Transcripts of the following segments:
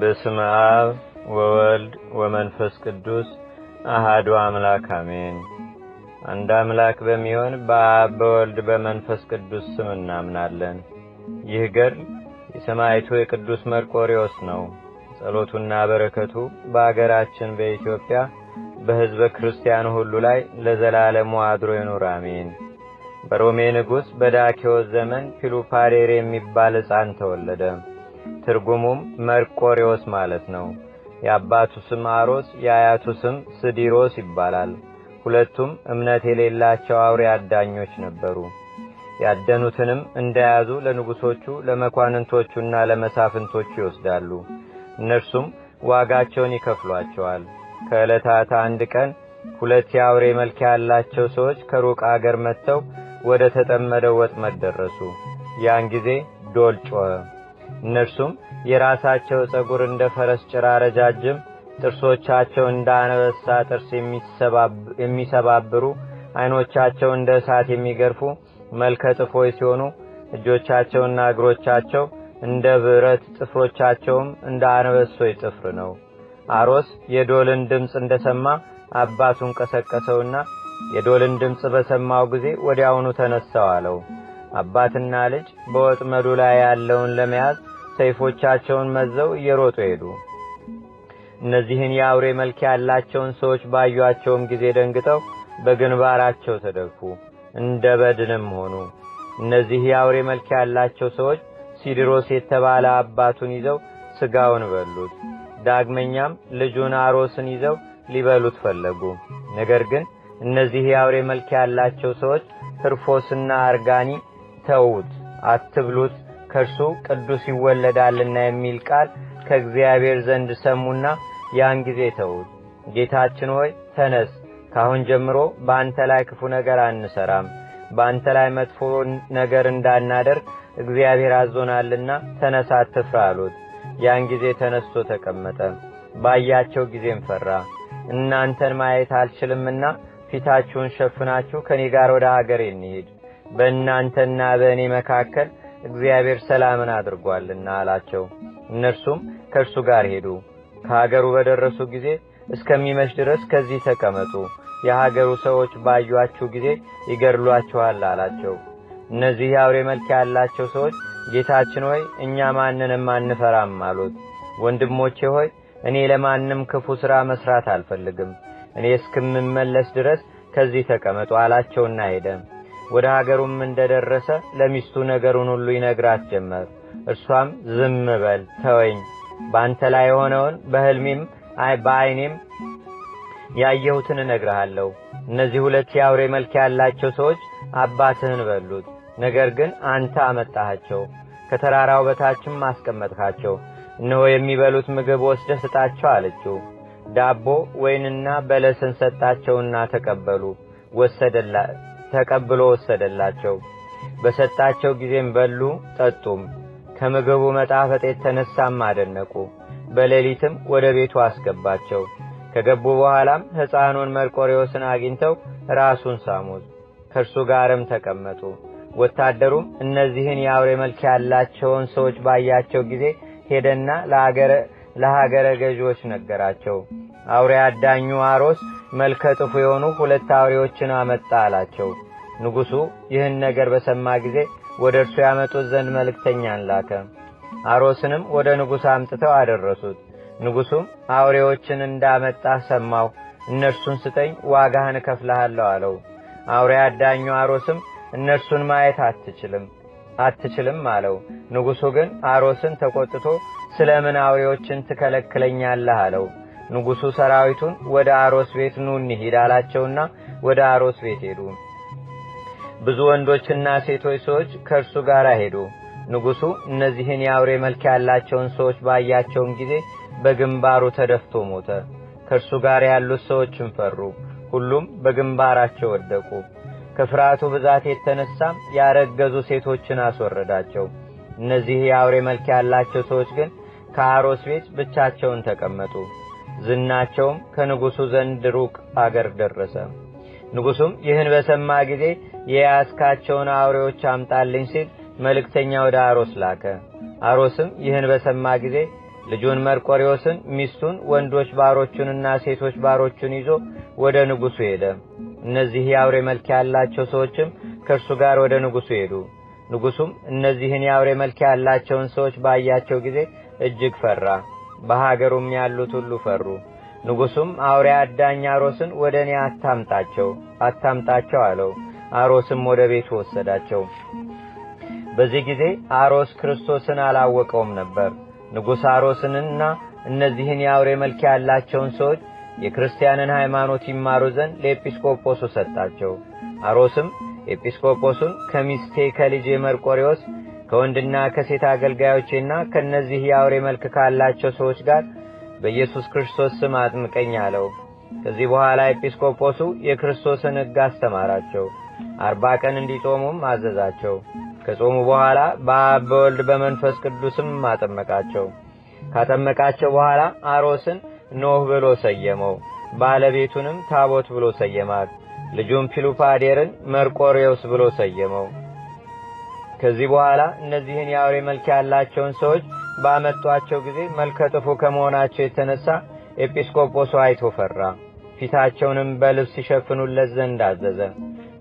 በስመ አብ ወወልድ ወመንፈስ ቅዱስ አሃዱ አምላክ አሜን። አንድ አምላክ በሚሆን በአብ በወልድ በመንፈስ ቅዱስ ስም እናምናለን። ይህ ገድል የሰማዕቱ የቅዱስ መርቆሪዎስ ነው። ጸሎቱና በረከቱ በአገራችን በኢትዮጵያ በሕዝበ ክርስቲያኑ ሁሉ ላይ ለዘላለሙ አድሮ ይኑር አሜን። በሮሜ ንጉሥ በዳኪዎስ ዘመን ፒሉፓዴር የሚባል ሕፃን ተወለደ። ትርጉሙም መርቆሪዎስ ማለት ነው። የአባቱ ስም አሮስ፣ የአያቱ ስም ስዲሮስ ይባላል። ሁለቱም እምነት የሌላቸው አውሬ አዳኞች ነበሩ። ያደኑትንም እንደያዙ ለንጉሶቹ ለመኳንንቶቹና ለመሳፍንቶቹ ይወስዳሉ። እነርሱም ዋጋቸውን ይከፍሏቸዋል። ከዕለታት አንድ ቀን ሁለት የአውሬ መልክ ያላቸው ሰዎች ከሩቅ አገር መጥተው ወደ ተጠመደው ወጥመት ደረሱ። ያን ጊዜ ዶል ጮኸ። እነርሱም የራሳቸው ፀጉር እንደ ፈረስ ጭራ ረጃጅም፣ ጥርሶቻቸው እንደ አነበሳ ጥርስ የሚሰባብሩ፣ አይኖቻቸው እንደ እሳት የሚገርፉ መልከ ጥፎች ሲሆኑ እጆቻቸውና እግሮቻቸው እንደ ብረት ጥፍሮቻቸውም እንደ አንበሶች ጥፍር ነው። አሮስ የዶልን ድምፅ እንደሰማ አባቱን ቀሰቀሰውና የዶልን ድምፅ በሰማው ጊዜ ወዲያውኑ ተነሳው አለው። አባትና ልጅ በወጥመዱ ላይ ያለውን ለመያዝ ሰይፎቻቸውን መዘው እየሮጡ ሄዱ። እነዚህን የአውሬ መልክ ያላቸውን ሰዎች ባዩአቸውም ጊዜ ደንግጠው በግንባራቸው ተደፉ፣ እንደ በድንም ሆኑ። እነዚህ የአውሬ መልክ ያላቸው ሰዎች ሲድሮስ የተባለ አባቱን ይዘው ሥጋውን በሉት። ዳግመኛም ልጁን አሮስን ይዘው ሊበሉት ፈለጉ። ነገር ግን እነዚህ የአውሬ መልክ ያላቸው ሰዎች ትርፎስና አርጋኒ ተዉት፣ አትብሉት ከእርሱ ቅዱስ ይወለዳልና የሚል ቃል ከእግዚአብሔር ዘንድ ሰሙና ያን ጊዜ ተውት ጌታችን ሆይ ተነስ፣ ካሁን ጀምሮ በአንተ ላይ ክፉ ነገር አንሰራም፣ በአንተ ላይ መጥፎ ነገር እንዳናደርግ እግዚአብሔር አዞናልና ተነስ አትፍራ አሉት። ያን ጊዜ ተነስቶ ተቀመጠ። ባያቸው ጊዜም ፈራ። እናንተን ማየት አልችልምና ፊታችሁን ሸፍናችሁ ከእኔ ጋር ወደ አገር እንሂድ፣ በእናንተና በእኔ መካከል እግዚአብሔር ሰላምን አድርጓልና አላቸው። እነርሱም ከእርሱ ጋር ሄዱ። ከሀገሩ በደረሱ ጊዜ እስከሚመሽ ድረስ ከዚህ ተቀመጡ፣ የሀገሩ ሰዎች ባዩአችሁ ጊዜ ይገድሏችኋል አላቸው። እነዚህ የአውሬ መልክ ያላቸው ሰዎች ጌታችን ሆይ እኛ ማንንም አንፈራም አሉት። ወንድሞቼ ሆይ እኔ ለማንም ክፉ ሥራ መሥራት አልፈልግም፣ እኔ እስከምመለስ ድረስ ከዚህ ተቀመጡ አላቸውና ሄደም። ወደ ሀገሩም እንደደረሰ ለሚስቱ ነገሩን ሁሉ ይነግራት ጀመር። እርሷም ዝም በል ተወኝ፣ በአንተ ላይ የሆነውን በሕልሜም በአይኔም ያየሁትን እነግርሃለሁ። እነዚህ ሁለት የአውሬ መልክ ያላቸው ሰዎች አባትህን በሉት፣ ነገር ግን አንተ አመጣሃቸው፣ ከተራራው በታችም አስቀመጥካቸው። እነሆ የሚበሉት ምግብ ወስደ ስጣቸው አለችው። ዳቦ ወይንና በለስን ሰጣቸውና ተቀበሉ። ተቀብሎ ወሰደላቸው። በሰጣቸው ጊዜም በሉ ጠጡም። ከምግቡ መጣፈጥ የተነሳም አደነቁ። በሌሊትም ወደ ቤቱ አስገባቸው። ከገቡ በኋላም ሕፃኑን መርቆሪዎስን አግኝተው ራሱን ሳሙት፣ ከእርሱ ጋርም ተቀመጡ። ወታደሩም እነዚህን የአውሬ መልክ ያላቸውን ሰዎች ባያቸው ጊዜ ሄደና ለሀገረ ገዢዎች ነገራቸው። አውሬ አዳኙ አሮስ መልከ ጥፉ የሆኑ ሁለት አውሬዎችን አመጣ አላቸው። ንጉሡ ይህን ነገር በሰማ ጊዜ ወደ እርሱ ያመጡት ዘንድ መልእክተኛን ላከ። አሮስንም ወደ ንጉሡ አምጥተው አደረሱት። ንጉሡም አውሬዎችን እንዳመጣ ሰማሁ፣ እነርሱን ስጠኝ፣ ዋጋህን እከፍልሃለሁ አለው። አውሬ አዳኙ አሮስም እነርሱን ማየት አትችልም አትችልም አለው። ንጉሡ ግን አሮስን ተቆጥቶ ስለምን አውሬዎችን ትከለክለኛለህ አለው። ንጉሡ ሰራዊቱን ወደ አሮስ ቤት ኑ እንሂድ አላቸውና ወደ አሮስ ቤት ሄዱ። ብዙ ወንዶችና ሴቶች ሰዎች ከእርሱ ጋር ሄዱ። ንጉሡ እነዚህን የአውሬ መልክ ያላቸውን ሰዎች ባያቸውን ጊዜ በግንባሩ ተደፍቶ ሞተ። ከእርሱ ጋር ያሉት ሰዎችን ፈሩ። ሁሉም በግንባራቸው ወደቁ። ከፍርሃቱ ብዛት የተነሳ ያረገዙ ሴቶችን አስወረዳቸው። እነዚህ የአውሬ መልክ ያላቸው ሰዎች ግን ከአሮስ ቤት ብቻቸውን ተቀመጡ። ዝናቸውም ከንጉሡ ዘንድ ሩቅ አገር ደረሰ። ንጉሡም ይህን በሰማ ጊዜ የያስካቸውን አውሬዎች አምጣልኝ ሲል መልእክተኛ ወደ አሮስ ላከ። አሮስም ይህን በሰማ ጊዜ ልጁን መርቆሬዎስን፣ ሚስቱን፣ ወንዶች ባሮቹንና ሴቶች ባሮቹን ይዞ ወደ ንጉሡ ሄደ። እነዚህ የአውሬ መልክ ያላቸው ሰዎችም ከእርሱ ጋር ወደ ንጉሡ ሄዱ። ንጉሡም እነዚህን የአውሬ መልክ ያላቸውን ሰዎች ባያቸው ጊዜ እጅግ ፈራ። በሀገሩም ያሉት ሁሉ ፈሩ። ንጉሡም አውሬ አዳኝ አሮስን ወደ እኔ አታምጣቸው አታምጣቸው አለው። አሮስም ወደ ቤቱ ወሰዳቸው። በዚህ ጊዜ አሮስ ክርስቶስን አላወቀውም ነበር። ንጉሥ አሮስንና እነዚህን የአውሬ መልክ ያላቸውን ሰዎች የክርስቲያንን ሃይማኖት ይማሩ ዘንድ ለኤጲስቆጶሱ ሰጣቸው። አሮስም ኤጲስቆጶሱን ከሚስቴ ከልጄ መርቆሬዎስ ከወንድና ከሴት አገልጋዮቼና ከእነዚህ የአውሬ መልክ ካላቸው ሰዎች ጋር በኢየሱስ ክርስቶስ ስም አጥምቀኝ አለው። ከዚህ በኋላ ኤጲስቆጶሱ የክርስቶስን ሕግ አስተማራቸው። አርባ ቀን እንዲጾሙም አዘዛቸው። ከጾሙ በኋላ በአብ በወልድ በመንፈስ ቅዱስም አጠመቃቸው። ካጠመቃቸው በኋላ አሮስን ኖህ ብሎ ሰየመው። ባለቤቱንም ታቦት ብሎ ሰየማት። ልጁም ፒሉፓዴርን መርቆሬዎስ ብሎ ሰየመው። ከዚህ በኋላ እነዚህን የአውሬ መልክ ያላቸውን ሰዎች ባመጧቸው ጊዜ መልከ ጥፉ ከመሆናቸው የተነሳ ኤጲስቆጶሱ አይቶ ፈራ። ፊታቸውንም በልብስ ይሸፍኑለት ዘንድ አዘዘ።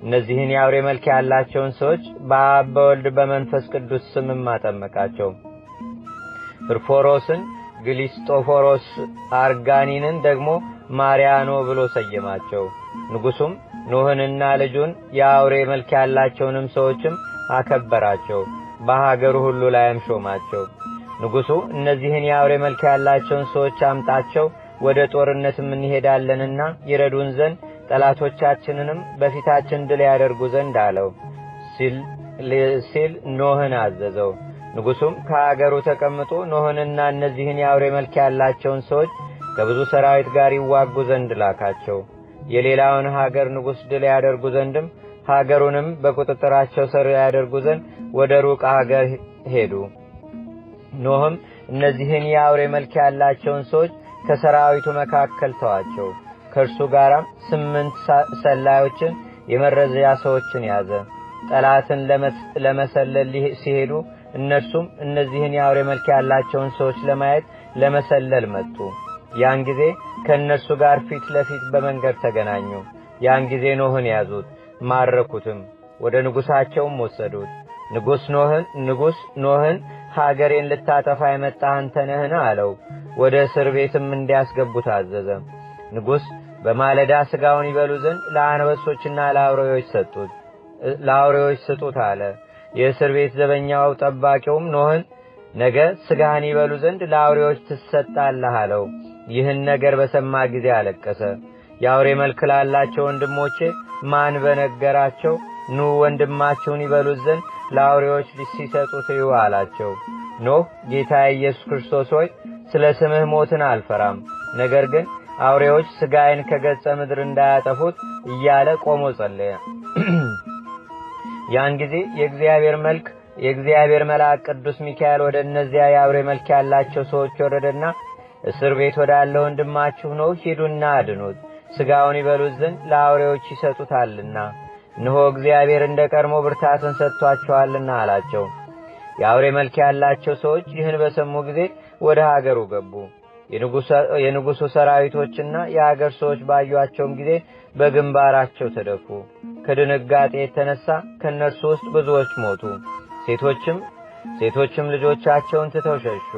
እነዚህን የአውሬ መልክ ያላቸውን ሰዎች በአብ በወልድ በመንፈስ ቅዱስ ስምም አጠመቃቸው። ፍርፎሮስን፣ ግሊስጦፎሮስ፣ አርጋኒንን ደግሞ ማርያኖ ብሎ ሰየማቸው። ንጉሡም ኖህንና ልጁን የአውሬ መልክ ያላቸውንም ሰዎችም አከበራቸው፣ በሀገሩ ሁሉ ላይም ሾማቸው። ንጉሡ እነዚህን የአውሬ መልክ ያላቸውን ሰዎች አምጣቸው፣ ወደ ጦርነትም እንሄዳለንና ይረዱን ዘንድ ጠላቶቻችንንም በፊታችን ድል ያደርጉ ዘንድ አለው ሲል ኖህን አዘዘው። ንጉሡም ከአገሩ ተቀምጦ ኖህንና እነዚህን የአውሬ መልክ ያላቸውን ሰዎች ከብዙ ሰራዊት ጋር ይዋጉ ዘንድ ላካቸው። የሌላውን ሀገር ንጉሥ ድል ያደርጉ ዘንድም ሀገሩንም በቁጥጥራቸው ስር ያደርጉ ዘንድ ወደ ሩቅ ሀገር ሄዱ። ኖህም እነዚህን የአውሬ መልክ ያላቸውን ሰዎች ከሰራዊቱ መካከል ተዋቸው። ከእርሱ ጋራም ስምንት ሰላዮችን የመረዘያ ሰዎችን ያዘ። ጠላትን ለመሰለል ሲሄዱ እነርሱም እነዚህን የአውሬ መልክ ያላቸውን ሰዎች ለማየት ለመሰለል መጡ። ያን ጊዜ ከእነርሱ ጋር ፊት ለፊት በመንገድ ተገናኙ። ያን ጊዜ ኖህን ያዙት፣ ማረኩትም። ወደ ንጉሣቸውም ወሰዱት። ንጉሥ ኖህን ሀገሬን ልታጠፋ የመጣህ አንተ ነህን? አለው። ወደ እስር ቤትም እንዲያስገቡት አዘዘ። ንጉሥ በማለዳ ሥጋውን ይበሉ ዘንድ ለአንበሶችና ለአውሬዎች ስጡት አለ። የእስር ቤት ዘበኛው ጠባቂውም ኖህን ነገ ሥጋህን ይበሉ ዘንድ ለአውሬዎች ትሰጣለህ አለው። ይህን ነገር በሰማ ጊዜ አለቀሰ። የአውሬ መልክ ላላቸው ወንድሞቼ ማን በነገራቸው ኑ ወንድማቸውን ይበሉት ዘንድ ለአውሬዎች ሲሰጡት እዩ አላቸው። ኖህ ጌታ ኢየሱስ ክርስቶስ ሆይ ስለ ስምህ ሞትን አልፈራም፣ ነገር ግን አውሬዎች ሥጋዬን ከገጸ ምድር እንዳያጠፉት እያለ ቆሞ ጸለየ። ያን ጊዜ የእግዚአብሔር መልክ የእግዚአብሔር መልአክ ቅዱስ ሚካኤል ወደ እነዚያ የአውሬ መልክ ያላቸው ሰዎች ወረደና እስር ቤት ወዳለ ወንድማችሁ ነው ሂዱና አድኑት ሥጋውን ይበሉት ዘንድ ለአውሬዎች ይሰጡታልና እንሆ እግዚአብሔር እንደ ቀድሞ ብርታትን ሰጥቷቸዋልና አላቸው። የአውሬ መልክ ያላቸው ሰዎች ይህን በሰሙ ጊዜ ወደ ሀገሩ ገቡ። የንጉሡ ሰራዊቶችና የአገር ሰዎች ባዩአቸውም ጊዜ በግንባራቸው ተደፉ። ከድንጋጤ የተነሳ ከእነርሱ ውስጥ ብዙዎች ሞቱ። ሴቶችም ሴቶችም ልጆቻቸውን ትተው ሸሹ፣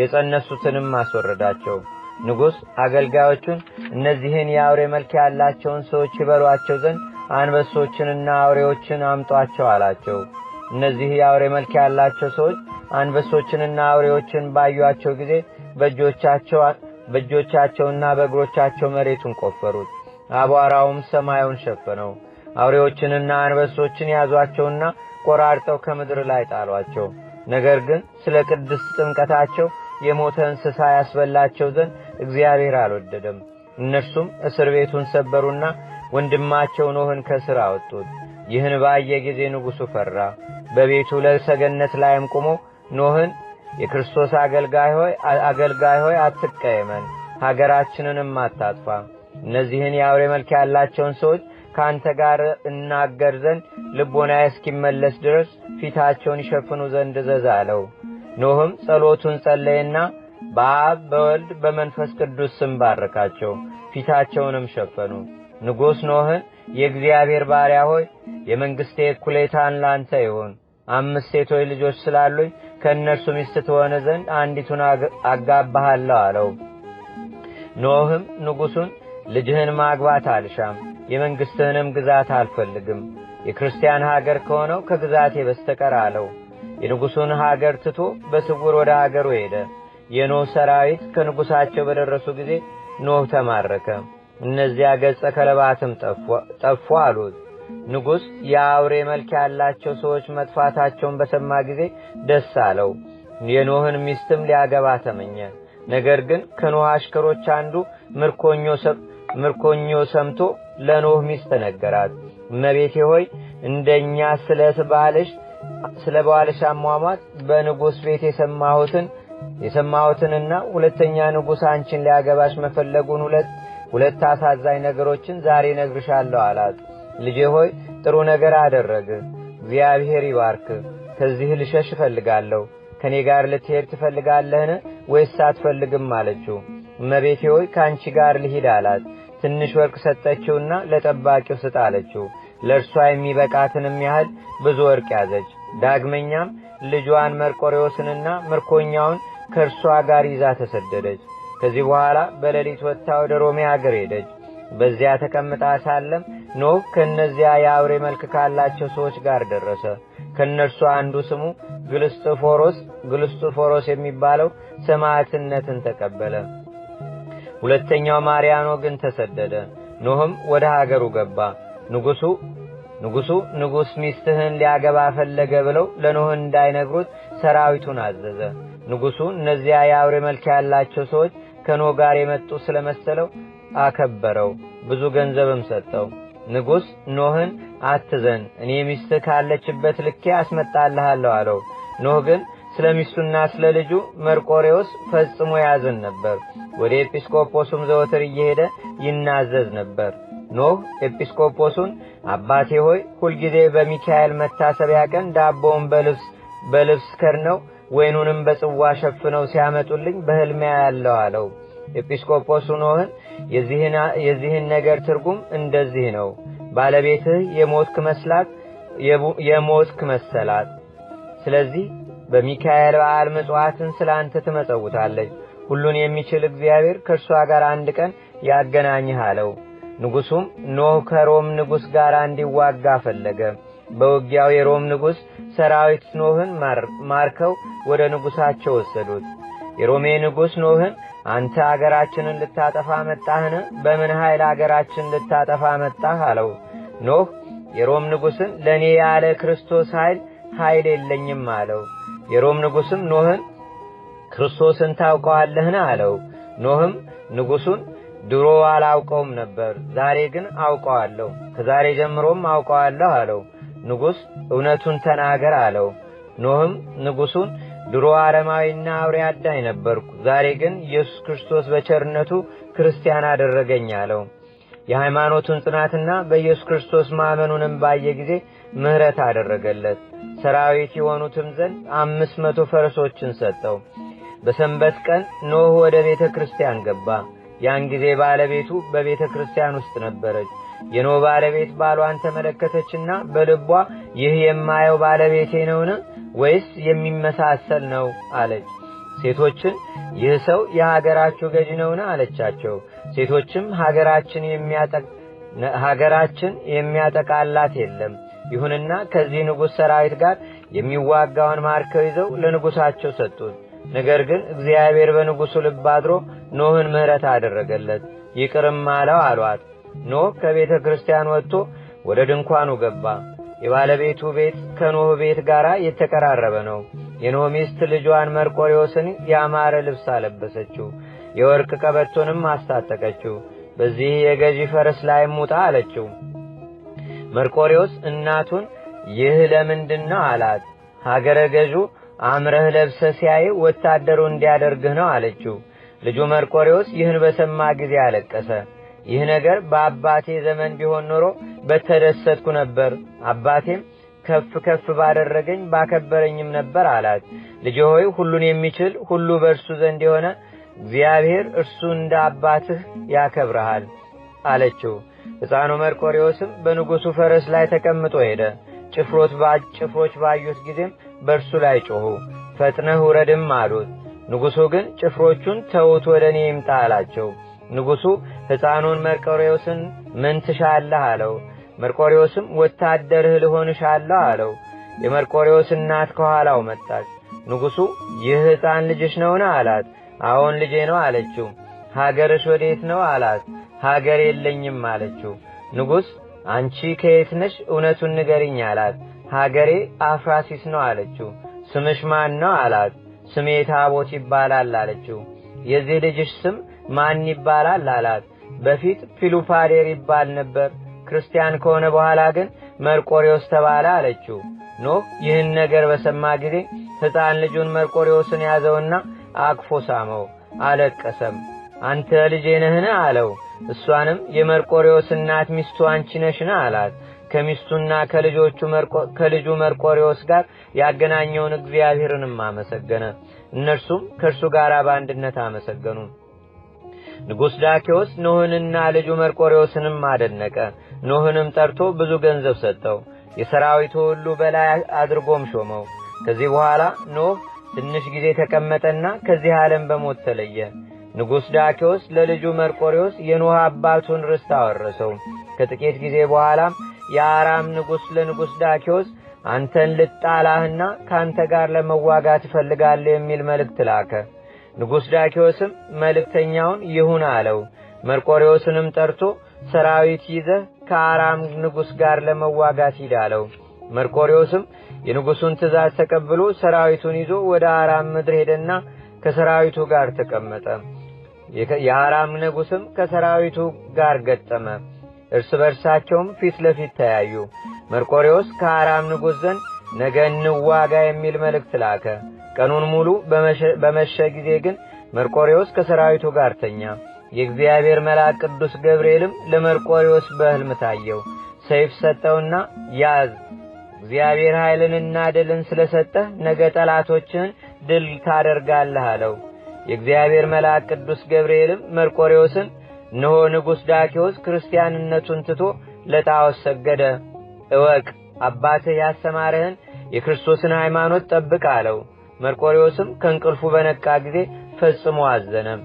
የጸነሱትንም አስወረዳቸው። ንጉሥ አገልጋዮቹን እነዚህን የአውሬ መልክ ያላቸውን ሰዎች ይበሏቸው ዘንድ አንበሶችንና አውሬዎችን አምጧቸው አላቸው። እነዚህ የአውሬ መልክ ያላቸው ሰዎች አንበሶችንና አውሬዎችን ባዩአቸው ጊዜ በእጆቻቸውና በእግሮቻቸው መሬቱን ቆፈሩት፣ አቧራውም ሰማዩን ሸፈነው። አውሬዎችንና አንበሶችን ያዟቸውና ቆራርጠው ከምድር ላይ ጣሏቸው። ነገር ግን ስለ ቅድስት ጥምቀታቸው የሞተ እንስሳ ያስበላቸው ዘንድ እግዚአብሔር አልወደደም። እነርሱም እስር ቤቱን ሰበሩና ወንድማቸው ኖህን ከእስር አወጡት። ይህን ባየ ጊዜ ንጉሡ ፈራ። በቤቱ ለሰገነት ላይም ቆሞ ኖህን የክርስቶስ አገልጋይ ሆይ አትቀየመን፣ ሀገራችንንም አታጥፋ። እነዚህን የአውሬ መልክ ያላቸውን ሰዎች ከአንተ ጋር እናገር ዘንድ ልቦና እስኪመለስ ድረስ ፊታቸውን ይሸፍኑ ዘንድ እዘዝ አለው። ኖህም ጸሎቱን ጸለየና በአብ በወልድ በመንፈስ ቅዱስ ስም ባረካቸው፣ ፊታቸውንም ሸፈኑ። ንጉሥ ኖህን የእግዚአብሔር ባሪያ ሆይ የመንግሥቴ እኩሌታን ላንተ ይሁን። አምስት ሴቶች ልጆች ስላሉኝ ከእነርሱ ሚስት ትሆነ ዘንድ አንዲቱን አጋባሃለሁ አለው። ኖህም ንጉሡን ልጅህን ማግባት አልሻም፣ የመንግሥትህንም ግዛት አልፈልግም፣ የክርስቲያን ሀገር ከሆነው ከግዛቴ በስተቀር አለው። የንጉሡን ሀገር ትቶ በስውር ወደ አገሩ ሄደ። የኖህ ሰራዊት ከንጉሣቸው በደረሱ ጊዜ ኖህ ተማረከ። እነዚያ ገጸ ከለባትም ጠፉ አሉት። ንጉሥ የአውሬ መልክ ያላቸው ሰዎች መጥፋታቸውን በሰማ ጊዜ ደስ አለው። የኖህን ሚስትም ሊያገባ ተመኘ። ነገር ግን ከኖህ አሽከሮች አንዱ ምርኮኞ ሰምቶ ለኖህ ሚስት ነገራት። መቤቴ ሆይ እንደኛ ስለ ባልሽ ስለ በኋልሽ አሟሟት በንጉሥ ቤት የሰማሁትን የሰማሁትንና ሁለተኛ ንጉሥ አንቺን ሊያገባሽ መፈለጉን ሁለት ሁለት አሳዛኝ ነገሮችን ዛሬ ነግርሻለሁ አላት። ልጄ ሆይ ጥሩ ነገር አደረግ፣ እግዚአብሔር ይባርክ። ከዚህ ልሸሽ እፈልጋለሁ። ከእኔ ጋር ልትሄድ ትፈልጋለህን ወይስ አትፈልግም? አለችው። እመቤቴ ሆይ ከአንቺ ጋር ልሂድ አላት። ትንሽ ወርቅ ሰጠችውና ለጠባቂው ስጥ አለችው። ለእርሷ የሚበቃትንም ያህል ብዙ ወርቅ ያዘች። ዳግመኛም ልጇን መርቆሬዎስንና ምርኮኛውን ከእርሷ ጋር ይዛ ተሰደደች። ከዚህ በኋላ በሌሊት ወጥታ ወደ ሮሜ አገር ሄደች። በዚያ ተቀምጣ ሳለም ኖህ ከእነዚያ የአውሬ መልክ ካላቸው ሰዎች ጋር ደረሰ። ከእነርሱ አንዱ ስሙ ግልስጥፎሮስ ግልስጥፎሮስ የሚባለው ሰማዕትነትን ተቀበለ። ሁለተኛው ማርያኖ ግን ተሰደደ። ኖህም ወደ ሀገሩ ገባ። ንጉሱ ንጉሱ ንጉስ ሚስትህን ሊያገባ ፈለገ ብለው ለኖህ እንዳይነግሩት ሰራዊቱን አዘዘ። ንጉሡ እነዚያ የአውሬ መልክ ያላቸው ሰዎች ከኖህ ጋር የመጡ ስለመሰለው አከበረው፣ ብዙ ገንዘብም ሰጠው። ንጉስ ኖህን አትዘን፣ እኔ ሚስትህ ካለችበት ልኬ አስመጣልሃለሁ አለው። ኖህ ግን ስለ ሚስቱና ስለ ልጁ መርቆሬዎስ ፈጽሞ ያዝን ነበር። ወደ ኤጲስቆጶሱም ዘወትር እየሄደ ይናዘዝ ነበር። ኖብ ኤጲስቆጶሱን አባቴ ሆይ ሁልጊዜ በሚካኤል መታሰቢያ ቀን ዳቦውን በልብስ በልብስ ወይኑንም በጽዋ ሸፍነው ሲያመጡልኝ በሕልሜ ያለው አለው። ኤጲስቆጶሱ ኖህን የዚህን ነገር ትርጉም እንደዚህ ነው። ባለቤትህ የሞትክ መስላት የሞትክ መሰላት። ስለዚህ በሚካኤል በዓል ምጽዋትን ስለ አንተ ትመጸውታለች። ሁሉን የሚችል እግዚአብሔር ከእርሷ ጋር አንድ ቀን ያገናኝህ አለው። ንጉሡም ኖህ ከሮም ንጉሥ ጋር እንዲዋጋ ፈለገ። በውጊያው የሮም ንጉሥ ሰራዊት ኖህን ማርከው ወደ ንጉሣቸው ወሰዱት። የሮሜ ንጉሥ ኖህን አንተ አገራችንን ልታጠፋ መጣህን? በምን ኃይል አገራችን ልታጠፋ መጣህ? አለው። ኖህ የሮም ንጉሥን ለእኔ ያለ ክርስቶስ ኃይል ኃይል የለኝም አለው። የሮም ንጉሥም ኖህን ክርስቶስን ታውቀዋለህን? አለው። ኖህም ንጉሡን ድሮ አላውቀውም ነበር፣ ዛሬ ግን አውቀዋለሁ። ከዛሬ ጀምሮም አውቀዋለሁ አለው። ንጉሥ እውነቱን ተናገር አለው። ኖህም ንጉሡን ድሮ አረማዊና አውሬ አዳኝ ነበርኩ፣ ዛሬ ግን ኢየሱስ ክርስቶስ በቸርነቱ ክርስቲያን አደረገኝ አለው። የሃይማኖቱን ጽናትና በኢየሱስ ክርስቶስ ማመኑንም ባየ ጊዜ ምሕረት አደረገለት። ሰራዊት የሆኑትም ዘንድ አምስት መቶ ፈረሶችን ሰጠው። በሰንበት ቀን ኖህ ወደ ቤተ ክርስቲያን ገባ። ያን ጊዜ ባለቤቱ በቤተ ክርስቲያን ውስጥ ነበረች። የኖ ባለቤት ባሏን ተመለከተችና በልቧ ይህ የማየው ባለቤቴ ነውን? ወይስ የሚመሳሰል ነው አለች። ሴቶችን ይህ ሰው የሀገራችሁ ገዥ ነውን? አለቻቸው። ሴቶችም ሀገራችን የሚያጠቃላት የለም፣ ይሁንና ከዚህ ንጉሥ ሰራዊት ጋር የሚዋጋውን ማርከው ይዘው ለንጉሣቸው ሰጡት። ነገር ግን እግዚአብሔር በንጉሡ ልብ አድሮ ኖህን ምሕረት አደረገለት፣ ይቅርም አለው አሏት። ኖህ ከቤተ ክርስቲያን ወጥቶ ወደ ድንኳኑ ገባ። የባለቤቱ ቤት ከኖህ ቤት ጋር የተቀራረበ ነው። የኖህ ሚስት ልጇን መርቆሪዎስን ያማረ ልብስ አለበሰችው፣ የወርቅ ቀበቶንም አስታጠቀችው። በዚህ የገዢ ፈረስ ላይም ሙጣ አለችው። መርቆሪዎስ እናቱን ይህ ለምንድን ነው አላት። አገረ ገዡ አምረህ ለብሰ ሲያይ ወታደሩ እንዲያደርግህ ነው አለችው። ልጁ መርቆሬዎስ ይህን በሰማ ጊዜ አለቀሰ። ይህ ነገር በአባቴ ዘመን ቢሆን ኖሮ በተደሰትኩ ነበር፣ አባቴም ከፍ ከፍ ባደረገኝ ባከበረኝም ነበር አላት። ልጅ ሆይ ሁሉን የሚችል ሁሉ በእርሱ ዘንድ የሆነ እግዚአብሔር እርሱ እንደ አባትህ ያከብረሃል አለችው። ሕፃኑ መርቆሬዎስም በንጉሡ ፈረስ ላይ ተቀምጦ ሄደ። ጭፍሮች ባዩት ጊዜም በእርሱ ላይ ጮኹ። ፈጥነህ ውረድም አሉት። ንጉሡ ግን ጭፍሮቹን ተውት ወደ እኔ ይምጣ አላቸው። ንጉሡ ሕፃኑን መርቆሬዎስን ምን ትሻለህ አለው። መርቆሬዎስም ወታደርህ ልሆንሻለሁ አለው። የመርቆሬዎስ እናት ከኋላው መጣች። ንጉሡ ይህ ሕፃን ልጅሽ ነውን? አላት። አዎን ልጄ ነው አለችው። ሀገርሽ ወዴት ነው? አላት። ሀገር የለኝም አለችው። ንጉሥ አንቺ ከየት ነሽ? እውነቱን ንገርኝ አላት። ሀገሬ አፍራሲስ ነው አለችው። ስምሽ ማን ነው አላት። ስሜ ታቦት ይባላል አለችው። የዚህ ልጅሽ ስም ማን ይባላል አላት። በፊት ፊሉፓዴር ይባል ነበር፣ ክርስቲያን ከሆነ በኋላ ግን መርቆሪዎስ ተባለ አለችው። ኖህ ይህን ነገር በሰማ ጊዜ ሕፃን ልጁን መርቆሪዎስን ያዘውና አቅፎ ሳመው፣ አለቀሰም። አንተ ልጄ ነህን አለው። እሷንም የመርቆሪዎስ እናት ሚስቱ አንቺ ነሽን አላት። ከሚስቱና ከልጁ መርቆሪዎስ ጋር ያገናኘውን እግዚአብሔርንም አመሰገነ። እነርሱም ከእርሱ ጋር በአንድነት አመሰገኑ። ንጉሥ ዳኪዎስ ኖህንና ልጁ መርቆሪዎስንም አደነቀ። ኖህንም ጠርቶ ብዙ ገንዘብ ሰጠው፣ የሰራዊቱ ሁሉ በላይ አድርጎም ሾመው። ከዚህ በኋላ ኖህ ትንሽ ጊዜ ተቀመጠና ከዚህ ዓለም በሞት ተለየ። ንጉሥ ዳኪዎስ ለልጁ መርቆሪዎስ የኖህ አባቱን ርስት አወረሰው። ከጥቂት ጊዜ በኋላም የአራም ንጉሥ ለንጉሥ ዳኪዎስ አንተን ልጣላህና ካንተ ጋር ለመዋጋት እፈልጋለሁ የሚል መልእክት ላከ። ንጉሥ ዳኪዎስም መልእክተኛውን ይሁን አለው። መርቆሬዎስንም ጠርቶ ሰራዊት ይዘህ ከአራም ንጉሥ ጋር ለመዋጋት ሂድ አለው። መርቆሬዎስም የንጉሡን ትእዛዝ ተቀብሎ ሰራዊቱን ይዞ ወደ አራም ምድር ሄደና ከሰራዊቱ ጋር ተቀመጠ። የአራም ንጉሥም ከሰራዊቱ ጋር ገጠመ። እርስ በርሳቸውም ፊት ለፊት ተያዩ። መርቆሬዎስ ከአራም ንጉሥ ዘንድ ነገ እንዋጋ የሚል መልእክት ላከ። ቀኑን ሙሉ በመሸ ጊዜ ግን መርቆሬዎስ ከሰራዊቱ ጋር ተኛ። የእግዚአብሔር መልአክ ቅዱስ ገብርኤልም ለመርቆሬዎስ በሕልም ታየው። ሰይፍ ሰጠውና ያዝ፣ እግዚአብሔር ኃይልንና ድልን ሰጠህ ነገ ጠላቶችን ድል ታደርጋለህ አለው። የእግዚአብሔር መልአክ ቅዱስ ገብርኤልም መርቆሬዎስን እነሆ ንጉሥ ዳኪዎስ ክርስቲያንነቱን ትቶ ለጣዖት ሰገደ። እወቅ አባትህ ያስተማረህን የክርስቶስን ሃይማኖት ጠብቅ አለው። መርቆሪዎስም ከእንቅልፉ በነቃ ጊዜ ፈጽሞ አዘነም።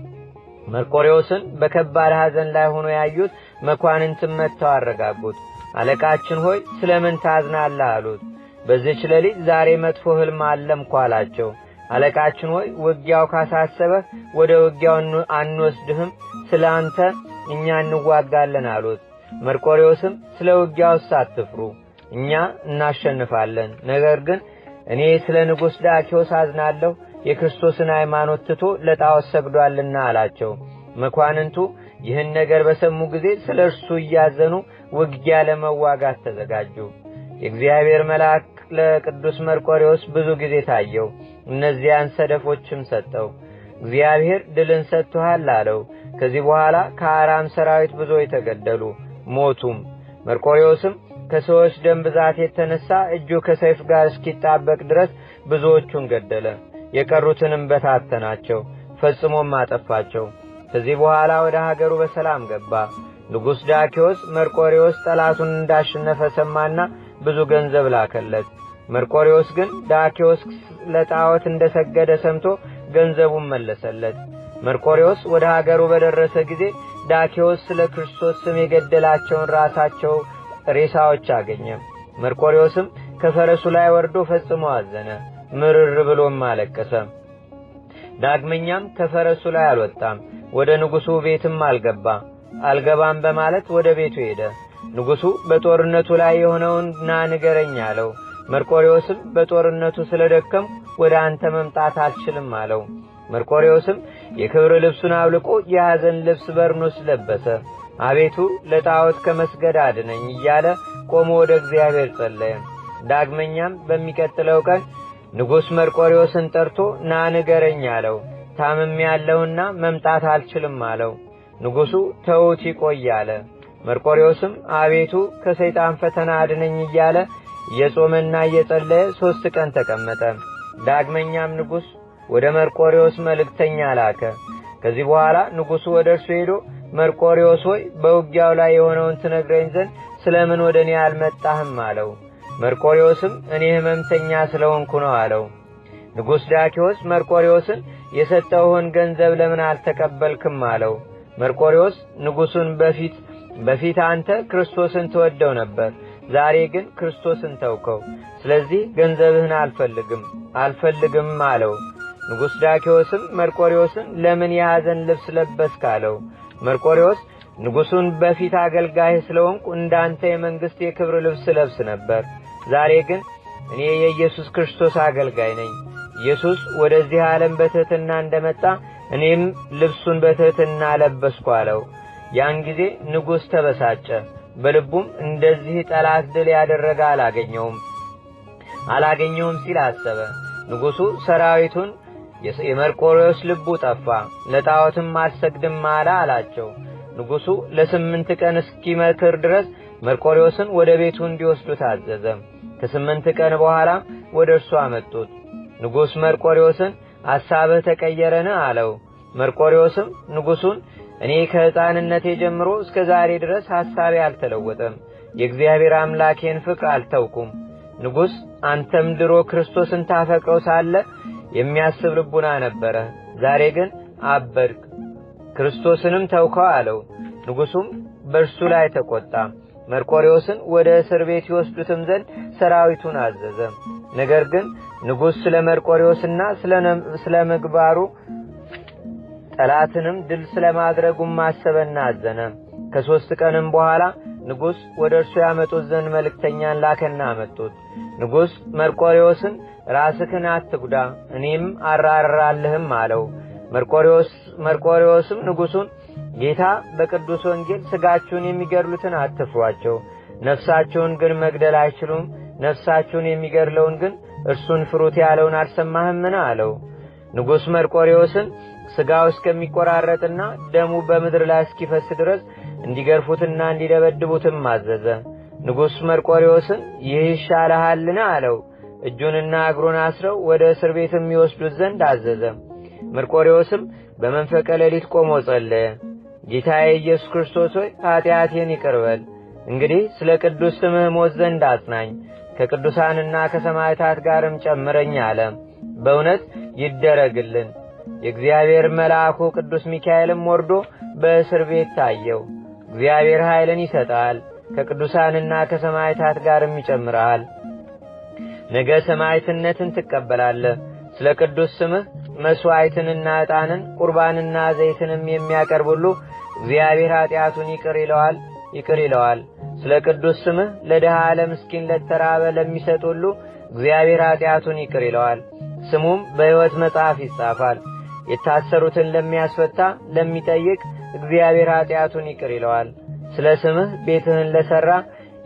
መርቆሪዎስን በከባድ ሐዘን ላይ ሆኖ ያዩት መኳንንትም መጥተው አረጋጉት። አለቃችን ሆይ ስለምን ታዝናለህ? አሉት። በዚች ሌሊት ዛሬ መጥፎ ህልም አለምኩ አላቸው። አለቃችን ሆይ ውጊያው ካሳሰበህ ወደ ውጊያው አንወስድህም፣ ስለ አንተ እኛ እንዋጋለን አሉት። መርቆሬዎስም ስለ ውጊያውስ አትፍሩ፣ እኛ እናሸንፋለን። ነገር ግን እኔ ስለ ንጉሥ ዳኪዎስ አዝናለሁ፣ የክርስቶስን ሃይማኖት ትቶ ለጣዖት ሰግዷልና አላቸው። መኳንንቱ ይህን ነገር በሰሙ ጊዜ ስለ እርሱ እያዘኑ ውጊያ ለመዋጋት ተዘጋጁ። የእግዚአብሔር መልአክ ለቅዱስ መርቆሬዎስ ብዙ ጊዜ ታየው፣ እነዚያን ሰደፎችም ሰጠው። እግዚአብሔር ድልን ሰጥቶሃል አለው። ከዚህ በኋላ ከአራም ሰራዊት ብዙዎች ተገደሉ፣ ሞቱም። መርቆሬዎስም ከሰዎች ደም ብዛት የተነሳ እጁ ከሰይፍ ጋር እስኪጣበቅ ድረስ ብዙዎቹን ገደለ። የቀሩትንም በታተናቸው፣ ፈጽሞም አጠፋቸው። ከዚህ በኋላ ወደ ሀገሩ በሰላም ገባ። ንጉሥ ዳኪዎስ መርቆሬዎስ ጠላቱን እንዳሸነፈ ሰማና ብዙ ገንዘብ ላከለት። መርቆሪዎስ ግን ዳኪዎስ ለጣዖት እንደ ሰገደ ሰምቶ ገንዘቡን መለሰለት። መርቆሪዎስ ወደ ሀገሩ በደረሰ ጊዜ ዳኬዎስ ስለ ክርስቶስ ስም የገደላቸውን ራሳቸው ሬሳዎች አገኘ። መርቆሪዎስም ከፈረሱ ላይ ወርዶ ፈጽሞ አዘነ፣ ምርር ብሎም አለቀሰ። ዳግመኛም ከፈረሱ ላይ አልወጣም፣ ወደ ንጉሡ ቤትም አልገባ አልገባም በማለት ወደ ቤቱ ሄደ። ንጉሡ በጦርነቱ ላይ የሆነውን ና ንገረኝ አለው። መርቆሬዎስም በጦርነቱ ስለ ደከም ወደ አንተ መምጣት አልችልም አለው። መርቆሬዎስም የክብር ልብሱን አብልቆ የሐዘን ልብስ በርኖስ ለበሰ። አቤቱ ለጣዖት ከመስገድ አድነኝ እያለ ቆሞ ወደ እግዚአብሔር ጸለየ። ዳግመኛም በሚቀጥለው ቀን ንጉሥ መርቆሬዎስን ጠርቶ ና ንገረኝ አለው። ታምም ያለውና መምጣት አልችልም አለው። ንጉሡ ተውት ይቆይ አለ። መርቆሪዎስም አቤቱ ከሰይጣን ፈተና አድነኝ እያለ እየጾመና እየጸለየ ሦስት ቀን ተቀመጠ። ዳግመኛም ንጉሥ ወደ መርቆሪዎስ መልእክተኛ ላከ። ከዚህ በኋላ ንጉሡ ወደ እርሱ ሄዶ መርቆሪዎስ ሆይ በውጊያው ላይ የሆነውን ትነግረኝ ዘንድ ስለምን ወደ እኔ አልመጣህም አለው። መርቆሪዎስም እኔ ሕመምተኛ ሆንኩ ነው አለው። ንጉሥ ዳኪዎስ መርቆሪዎስን የሰጠውህን ገንዘብ ለምን አልተቀበልክም አለው። መርቆሪዎስ ንጉሡን በፊት በፊት አንተ ክርስቶስን ትወደው ነበር፣ ዛሬ ግን ክርስቶስን ተውከው። ስለዚህ ገንዘብህን አልፈልግም አልፈልግም አለው። ንጉሥ ዳኪዎስም መርቆሪዎስን ለምን የሐዘን ልብስ ለበስክ አለው። መርቆሪዎስ ንጉሡን በፊት አገልጋይ ስለሆንኩ እንዳንተ የመንግሥት የክብር ልብስ ለብስ ነበር፣ ዛሬ ግን እኔ የኢየሱስ ክርስቶስ አገልጋይ ነኝ። ኢየሱስ ወደዚህ ዓለም በትሕትና እንደመጣ እኔም ልብሱን በትሕትና ለበስኩ አለው። ያን ጊዜ ንጉሥ ተበሳጨ፣ በልቡም እንደዚህ ጠላት ድል ያደረገ አላገኘውም አላገኘውም ሲል አሰበ። ንጉሡ ሰራዊቱን የመርቆሪዎስ ልቡ ጠፋ፣ ለጣዖትም አልሰግድም አለ አላቸው። ንጉሡ ለስምንት ቀን እስኪመክር ድረስ መርቆሪዎስን ወደ ቤቱ እንዲወስዱ ታዘዘ ከስምንት ቀን በኋላ ወደ እርሱ አመጡት። ንጉሥ መርቆሪዎስን አሳብህ ተቀየረን አለው። መርቆሪዎስም ንጉሡን እኔ ከሕፃንነቴ ጀምሮ እስከ ዛሬ ድረስ ሐሳቤ አልተለወጠም። የእግዚአብሔር አምላኬን ፍቅር አልተውኩም። ንጉሥ አንተም ድሮ ክርስቶስን ታፈቅረው ሳለ የሚያስብ ልቡና ነበረ። ዛሬ ግን አበድክ፣ ክርስቶስንም ተውከው አለው። ንጉሡም በእርሱ ላይ ተቆጣ። መርቆሬዎስን ወደ እስር ቤት ይወስዱትም ዘንድ ሰራዊቱን አዘዘ። ነገር ግን ንጉሥ ስለ መርቆሬዎስና ስለ ምግባሩ ጠላትንም ድል ማድረጉም አሰበና አዘነ። ከሦስት ቀንም በኋላ ንጉሥ ወደ እርሱ ያመጡት ዘንድ መልእክተኛን ላከና አመጡት። ንጉሥ መርቆሪዎስን ራስክን አትጉዳ፣ እኔም አራራልህም አለው። መርቆሪዎስም ንጉሡን ጌታ በቅዱስ ወንጌል ሥጋችሁን የሚገድሉትን አትፍሯቸው፣ ነፍሳችሁን ግን መግደል አይችሉም፣ ነፍሳችሁን የሚገድለውን ግን እርሱን ፍሩት ያለውን አልሰማህምን? አለው። ንጉሥ መርቆሬዎስን ሥጋው እስከሚቆራረጥና ደሙ በምድር ላይ እስኪፈስ ድረስ እንዲገርፉትና እንዲደበድቡትም አዘዘ። ንጉሥ መርቆሬዎስን ይህ ይሻልሃልን አለው። እጁንና እግሩን አስረው ወደ እስር ቤት የሚወስዱት ዘንድ አዘዘ። መርቆሬዎስም በመንፈቀ ሌሊት ቆሞ ጸለየ። ጌታዬ ኢየሱስ ክርስቶስ ሆይ ኀጢአቴን ይቅርበል። እንግዲህ ስለ ቅዱስ ስምህ ሞት ዘንድ አጽናኝ፣ ከቅዱሳንና ከሰማዕታት ጋርም ጨምረኝ አለም በእውነት ይደረግልን። የእግዚአብሔር መልአኩ ቅዱስ ሚካኤልም ወርዶ በእስር ቤት ታየው። እግዚአብሔር ኃይልን ይሰጣል፣ ከቅዱሳንና ከሰማዕታት ጋርም ይጨምራል። ነገ ሰማዕትነትን ትቀበላለህ። ስለ ቅዱስ ስምህ መሥዋዕትንና ዕጣንን ቁርባንና ዘይትንም የሚያቀርብ ሁሉ እግዚአብሔር ኀጢአቱን ይቅር ይለዋል ይቅር ይለዋል። ስለ ቅዱስ ስምህ ለድሃ ለምስኪን፣ ለተራበ ለሚሰጥ ሁሉ እግዚአብሔር ኀጢአቱን ይቅር ይለዋል። ስሙም በሕይወት መጽሐፍ ይጻፋል። የታሰሩትን ለሚያስፈታ ለሚጠይቅ እግዚአብሔር ኀጢአቱን ይቅር ይለዋል። ስለ ስምህ ቤትህን ለሠራ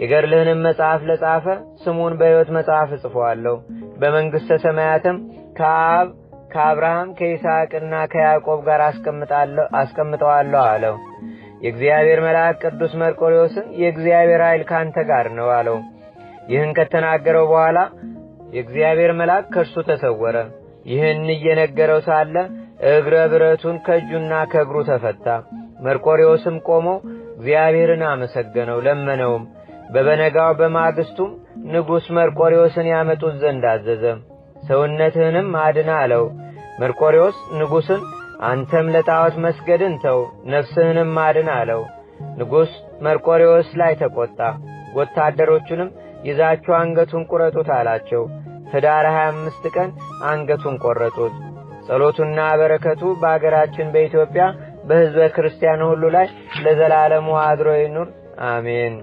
የገድልህንም መጽሐፍ ለጻፈ ስሙን በሕይወት መጽሐፍ እጽፈዋለሁ። በመንግሥተ ሰማያትም ከአብ ከአብርሃም ከይስሐቅና ከያዕቆብ ጋር አስቀምጠዋለሁ አለው። የእግዚአብሔር መልአክ ቅዱስ መርቆሬዎስን የእግዚአብሔር ኃይል ካንተ ጋር ነው አለው። ይህን ከተናገረው በኋላ የእግዚአብሔር መልአክ ከእርሱ ተሰወረ። ይህን እየነገረው ሳለ እግረ ብረቱን ከእጁና ከእግሩ ተፈታ። መርቆሬዎስም ቆሞ እግዚአብሔርን አመሰገነው፣ ለመነውም። በበነጋው በማግስቱም ንጉሥ መርቆሬዎስን ያመጡት ዘንድ አዘዘ። ሰውነትህንም አድና አለው። መርቆሬዎስ ንጉሥን አንተም ለጣዖት መስገድን ተው፣ ነፍስህንም አድን አለው። ንጉሥ መርቆሬዎስ ላይ ተቆጣ። ወታደሮቹንም ይዛችሁ አንገቱን ቁረጡት አላቸው። ህዳር 25 ቀን አንገቱን ቆረጡት። ጸሎቱና በረከቱ በአገራችን በኢትዮጵያ በሕዝበ ክርስቲያን ሁሉ ላይ ለዘላለሙ አድሮ ይኑር፣ አሜን።